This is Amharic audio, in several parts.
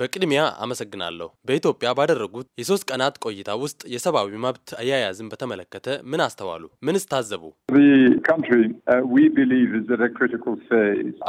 በቅድሚያ አመሰግናለሁ። በኢትዮጵያ ባደረጉት የሶስት ቀናት ቆይታ ውስጥ የሰብአዊ መብት አያያዝን በተመለከተ ምን አስተዋሉ? ምንስ ታዘቡ? Uh,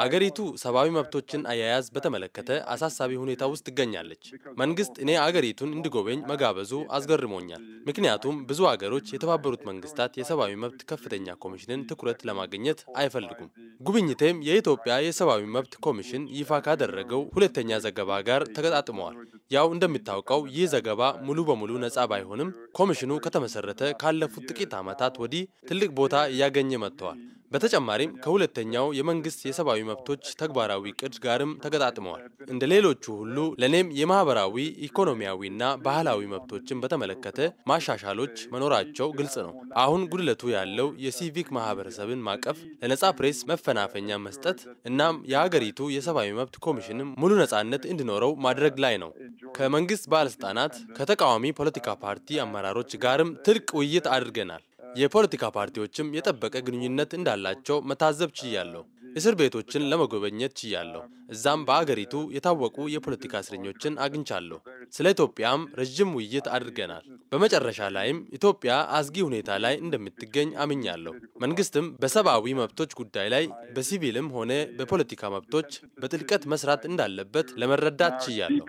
አገሪቱ ሰብአዊ መብቶችን አያያዝ በተመለከተ አሳሳቢ ሁኔታ ውስጥ ትገኛለች። መንግስት እኔ አገሪቱን እንዲጎበኝ መጋበዙ አስገርሞኛል። ምክንያቱም ብዙ አገሮች የተባበሩት መንግስታት የሰብአዊ መብት ከፍተኛ ኮሚሽንን ትኩረት ለማግኘት አይፈልጉም። ጉብኝቴም የኢትዮጵያ የሰብአዊ መብት ኮሚሽን ይፋ ካደረገው ሁለተኛ ዘገባ ጋር ተገጣጥመዋል። ያው እንደሚታወቀው ይህ ዘገባ ሙሉ በሙሉ ነጻ ባይሆንም ኮሚሽኑ ከተመሰረተ ካለፉት ጥቂት ዓመታት ወዲህ ትልቅ ቦታ እያገኘ መጥተዋል። በተጨማሪም ከሁለተኛው የመንግስት የሰብአዊ መብቶች ተግባራዊ ቅድ ጋርም ተገጣጥመዋል። እንደ ሌሎቹ ሁሉ ለእኔም የማህበራዊ ኢኮኖሚያዊና ባህላዊ መብቶችን በተመለከተ ማሻሻሎች መኖራቸው ግልጽ ነው። አሁን ጉድለቱ ያለው የሲቪክ ማህበረሰብን ማቀፍ፣ ለነጻ ፕሬስ መፈናፈኛ መስጠት፣ እናም የአገሪቱ የሰብአዊ መብት ኮሚሽንም ሙሉ ነጻነት እንዲኖረው ማድረግ ላይ ነው። ከመንግስት ባለስልጣናት ከተቃዋሚ ፖለቲካ ፓርቲ አመራሮች ጋርም ትልቅ ውይይት አድርገናል። የፖለቲካ ፓርቲዎችም የጠበቀ ግንኙነት እንዳላቸው መታዘብ ችያለሁ። እስር ቤቶችን ለመጎበኘት ችያለሁ። እዛም በአገሪቱ የታወቁ የፖለቲካ እስረኞችን አግኝቻለሁ። ስለ ኢትዮጵያም ረዥም ውይይት አድርገናል። በመጨረሻ ላይም ኢትዮጵያ አስጊ ሁኔታ ላይ እንደምትገኝ አምኛለሁ። መንግስትም በሰብአዊ መብቶች ጉዳይ ላይ በሲቪልም ሆነ በፖለቲካ መብቶች በጥልቀት መስራት እንዳለበት ለመረዳት ችያለሁ።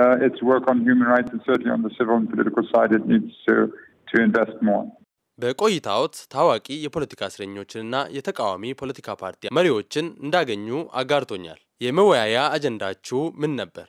uh, its work on human rights and certainly on the civil and political side it needs to, to invest more. በቆይታዎት ታዋቂ የፖለቲካ እስረኞችንና የተቃዋሚ ፖለቲካ ፓርቲ መሪዎችን እንዳገኙ አጋርቶኛል። የመወያያ አጀንዳችሁ ምን ነበር?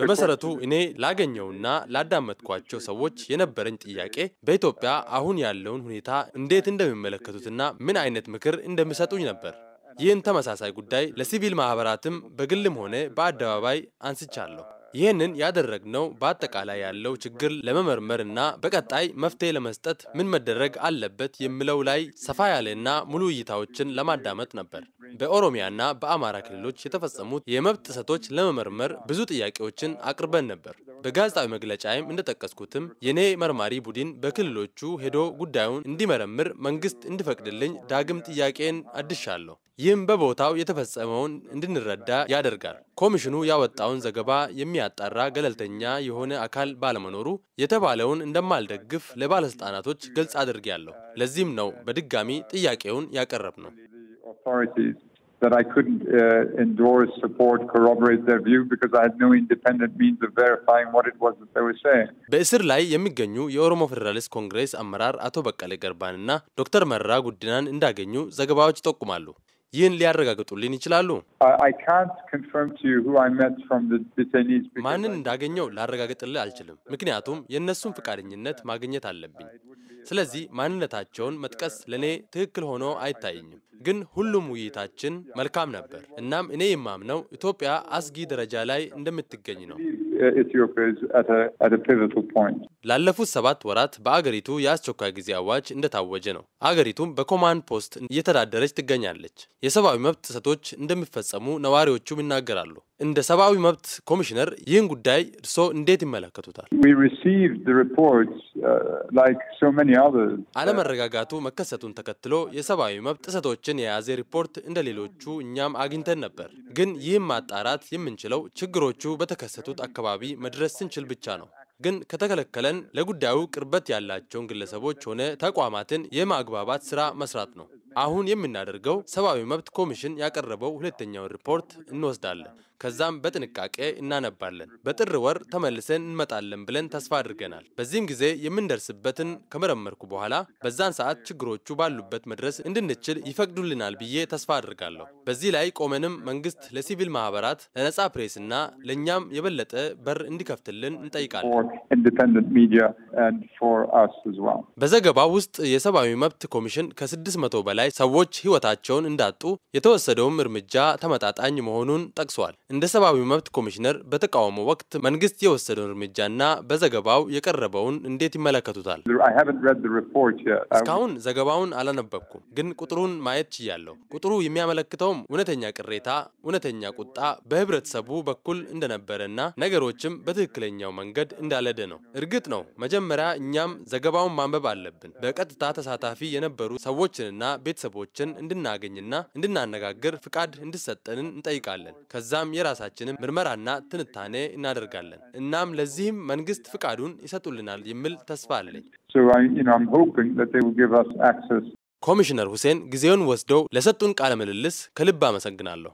በመሰረቱ እኔ ላገኘውና ላዳመጥኳቸው ሰዎች የነበረኝ ጥያቄ በኢትዮጵያ አሁን ያለውን ሁኔታ እንዴት እንደሚመለከቱትና ምን አይነት ምክር እንደሚሰጡኝ ነበር። ይህን ተመሳሳይ ጉዳይ ለሲቪል ማህበራትም በግልም ሆነ በአደባባይ አንስቻለሁ። ይህንን ያደረግነው በአጠቃላይ ያለው ችግር ለመመርመር እና በቀጣይ መፍትሄ ለመስጠት ምን መደረግ አለበት የሚለው ላይ ሰፋ ያለና ሙሉ እይታዎችን ለማዳመጥ ነበር። በኦሮሚያና በአማራ ክልሎች የተፈጸሙት የመብት ጥሰቶች ለመመርመር ብዙ ጥያቄዎችን አቅርበን ነበር። በጋዜጣዊ መግለጫዬም እንደጠቀስኩትም የኔ መርማሪ ቡድን በክልሎቹ ሄዶ ጉዳዩን እንዲመረምር መንግስት እንዲፈቅድልኝ ዳግም ጥያቄን አድሻለሁ። ይህም በቦታው የተፈጸመውን እንድንረዳ ያደርጋል። ኮሚሽኑ ያወጣውን ዘገባ የሚያጣራ ገለልተኛ የሆነ አካል ባለመኖሩ የተባለውን እንደማልደግፍ ለባለስልጣናቶች ግልጽ አድርጌያለሁ። ለዚህም ነው በድጋሚ ጥያቄውን ያቀረብ ነው። uh, በእስር ላይ የሚገኙ የኦሮሞ ፌዴራሊስት ኮንግሬስ አመራር አቶ በቀለ ገርባንና ዶክተር መረራ ጉዲናን እንዳገኙ ዘገባዎች ይጠቁማሉ። ይህን ሊያረጋግጡልን ይችላሉ? ማንን እንዳገኘው ላረጋግጥልህ አልችልም፣ ምክንያቱም የእነሱን ፈቃደኝነት ማግኘት አለብኝ። ስለዚህ ማንነታቸውን መጥቀስ ለእኔ ትክክል ሆኖ አይታየኝም። ግን ሁሉም ውይይታችን መልካም ነበር። እናም እኔ የማምነው ኢትዮጵያ አስጊ ደረጃ ላይ እንደምትገኝ ነው። ላለፉት ሰባት ወራት በአገሪቱ የአስቸኳይ ጊዜ አዋጅ እንደታወጀ ነው። አገሪቱም በኮማንድ ፖስት እየተዳደረች ትገኛለች። የሰብአዊ መብት ጥሰቶች እንደሚፈጸሙ ነዋሪዎቹም ይናገራሉ። እንደ ሰብአዊ መብት ኮሚሽነር ይህን ጉዳይ እርስዎ እንዴት ይመለከቱታል? Uh, uh, አለመረጋጋቱ መከሰቱን ተከትሎ የሰብአዊ መብት ጥሰቶችን የያዘ ሪፖርት እንደ ሌሎቹ እኛም አግኝተን ነበር። ግን ይህም ማጣራት የምንችለው ችግሮቹ በተከሰቱት አካባቢ መድረስ ስንችል ብቻ ነው። ግን ከተከለከለን ለጉዳዩ ቅርበት ያላቸውን ግለሰቦች ሆነ ተቋማትን የማግባባት ስራ መስራት ነው። አሁን የምናደርገው ሰብአዊ መብት ኮሚሽን ያቀረበው ሁለተኛውን ሪፖርት እንወስዳለን። ከዛም በጥንቃቄ እናነባለን። በጥር ወር ተመልሰን እንመጣለን ብለን ተስፋ አድርገናል። በዚህም ጊዜ የምንደርስበትን ከመረመርኩ በኋላ በዛን ሰዓት ችግሮቹ ባሉበት መድረስ እንድንችል ይፈቅዱልናል ብዬ ተስፋ አድርጋለሁ። በዚህ ላይ ቆመንም መንግስት ለሲቪል ማህበራት፣ ለነጻ ፕሬስና ለእኛም የበለጠ በር እንዲከፍትልን እንጠይቃለን። በዘገባ ውስጥ የሰብአዊ መብት ኮሚሽን ከ6ድ መቶ በላይ ላይ ሰዎች ሕይወታቸውን እንዳጡ የተወሰደውም እርምጃ ተመጣጣኝ መሆኑን ጠቅሷል። እንደ ሰብአዊ መብት ኮሚሽነር በተቃውሞ ወቅት መንግስት የወሰደውን እርምጃና በዘገባው የቀረበውን እንዴት ይመለከቱታል? እስካሁን ዘገባውን አላነበብኩም፣ ግን ቁጥሩን ማየት ችያለሁ። ቁጥሩ የሚያመለክተውም እውነተኛ ቅሬታ፣ እውነተኛ ቁጣ በህብረተሰቡ በኩል እንደነበረና ነገሮችም በትክክለኛው መንገድ እንዳለደ ነው። እርግጥ ነው መጀመሪያ እኛም ዘገባውን ማንበብ አለብን። በቀጥታ ተሳታፊ የነበሩ ሰዎችንና ቤተ ቤተሰቦችን እንድናገኝና እንድናነጋግር ፍቃድ እንድሰጠንን እንጠይቃለን። ከዛም የራሳችንን ምርመራና ትንታኔ እናደርጋለን። እናም ለዚህም መንግስት ፍቃዱን ይሰጡልናል የሚል ተስፋ አለኝ። ኮሚሽነር ሁሴን ጊዜውን ወስደው ለሰጡን ቃለ ምልልስ ከልብ አመሰግናለሁ።